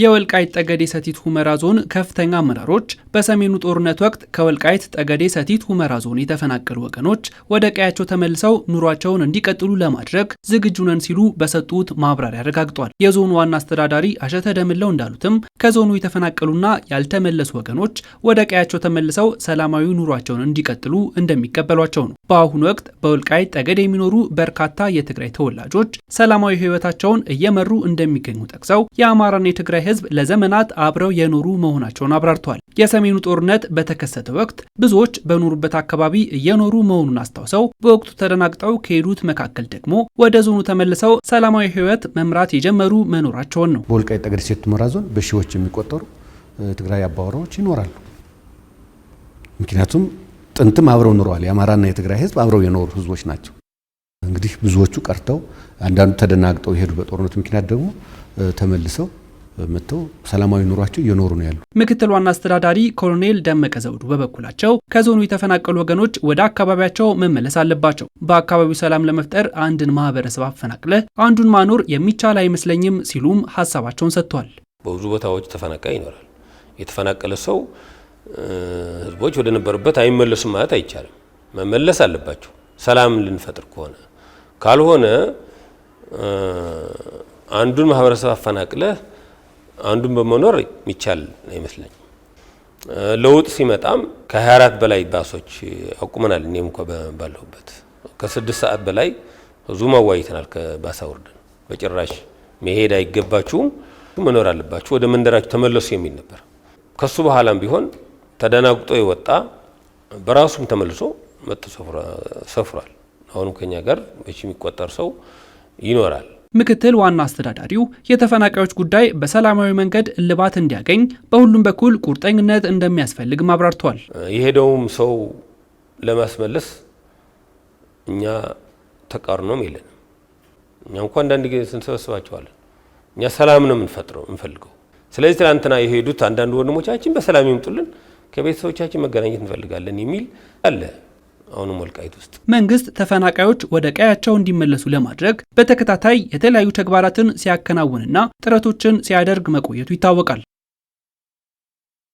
የወልቃይት ጠገዴ ሰቲት ሁመራ ዞን ከፍተኛ አመራሮች በሰሜኑ ጦርነት ወቅት ከወልቃይት ጠገዴ ሰቲት ሁመራ ዞን የተፈናቀሉ ወገኖች ወደ ቀያቸው ተመልሰው ኑሯቸውን እንዲቀጥሉ ለማድረግ ዝግጁ ነን ሲሉ በሰጡት ማብራሪያ አረጋግጧል። የዞኑ ዋና አስተዳዳሪ አሸተ ደምለው እንዳሉትም ከዞኑ የተፈናቀሉና ያልተመለሱ ወገኖች ወደ ቀያቸው ተመልሰው ሰላማዊ ኑሯቸውን እንዲቀጥሉ እንደሚቀበሏቸው ነው። በአሁኑ ወቅት በወልቃይት ጠገዴ የሚኖሩ በርካታ የትግራይ ተወላጆች ሰላማዊ ሕይወታቸውን እየመሩ እንደሚገኙ ጠቅሰው የአማራና የትግራይ የትግራይ ህዝብ ለዘመናት አብረው የኖሩ መሆናቸውን አብራርተዋል። የሰሜኑ ጦርነት በተከሰተ ወቅት ብዙዎች በኖሩበት አካባቢ እየኖሩ መሆኑን አስታውሰው በወቅቱ ተደናግጠው ከሄዱት መካከል ደግሞ ወደ ዞኑ ተመልሰው ሰላማዊ ህይወት መምራት የጀመሩ መኖራቸውን ነው። በወልቃይት ጠገዴ ሰቲት ሁመራ ዞን በሺዎች የሚቆጠሩ ትግራይ አባወራዎች ይኖራሉ። ምክንያቱም ጥንትም አብረው ኖረዋል። የአማራና የትግራይ ህዝብ አብረው የኖሩ ህዝቦች ናቸው። እንግዲህ ብዙዎቹ ቀርተው፣ አንዳንዱ ተደናግጠው የሄዱ በጦርነቱ ምክንያት ደግሞ ተመልሰው መጥተው ሰላማዊ ኑሯቸው እየኖሩ ነው ያሉ ምክትል ዋና አስተዳዳሪ ኮሎኔል ደመቀ ዘውዱ በበኩላቸው ከዞኑ የተፈናቀሉ ወገኖች ወደ አካባቢያቸው መመለስ አለባቸው። በአካባቢው ሰላም ለመፍጠር አንድን ማህበረሰብ አፈናቅለ አንዱን ማኖር የሚቻል አይመስለኝም ሲሉም ሀሳባቸውን ሰጥተዋል። በብዙ ቦታዎች ተፈናቃይ ይኖራል። የተፈናቀለ ሰው ህዝቦች ወደ ነበሩበት አይመለሱም ማለት አይቻልም። መመለስ አለባቸው ሰላም ልንፈጥር ከሆነ ካልሆነ አንዱን ማህበረሰብ አፈናቅለህ አንዱን በመኖር የሚቻል አይመስለኝ። ለውጥ ሲመጣም ከ24 በላይ ባሶች አቁመናል። እኔም እንኳ ባለሁበት ከስድስት ሰዓት በላይ ዙም አዋይተናል። ከባሳ ውርድን በጭራሽ መሄድ አይገባችሁም መኖር አለባችሁ፣ ወደ መንደራችሁ ተመለሱ የሚል ነበር። ከሱ በኋላም ቢሆን ተደናግጦ የወጣ በራሱም ተመልሶ መጥቶ ሰፍሯል። አሁንም ከኛ ጋር በች የሚቆጠር ሰው ይኖራል። ምክትል ዋና አስተዳዳሪው የተፈናቃዮች ጉዳይ በሰላማዊ መንገድ እልባት እንዲያገኝ በሁሉም በኩል ቁርጠኝነት እንደሚያስፈልግ አብራርተዋል። የሄደውም ሰው ለማስመለስ እኛ ተቃርኖም የለንም። እኛ እንኳ አንዳንድ ጊዜ ስንሰበስባቸዋለን። እኛ ሰላም ነው የምንፈጥረው እንፈልገው። ስለዚህ ትናንትና የሄዱት አንዳንድ ወንድሞቻችን በሰላም ይምጡልን፣ ከቤተሰቦቻችን መገናኘት እንፈልጋለን የሚል አለ። አሁንም ወልቃይት ውስጥ መንግስት ተፈናቃዮች ወደ ቀያቸው እንዲመለሱ ለማድረግ በተከታታይ የተለያዩ ተግባራትን ሲያከናውንና ጥረቶችን ሲያደርግ መቆየቱ ይታወቃል።